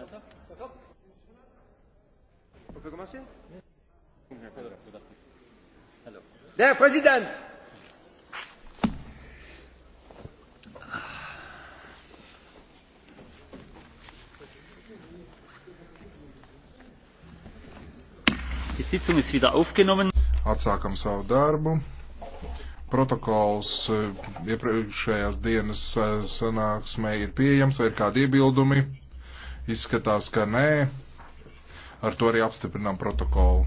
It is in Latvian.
D'accord. D'accord. On peut commencer Der Präsident! Die Sitzung ist wieder aufgenommen. Atsākam savu darbu protokols eh, iepriekšējās dienas eh, sanāksmē ir pieejams vai ir kādi iebildumi. Izskatās, ka nē. Ar to arī apstiprinām protokolu.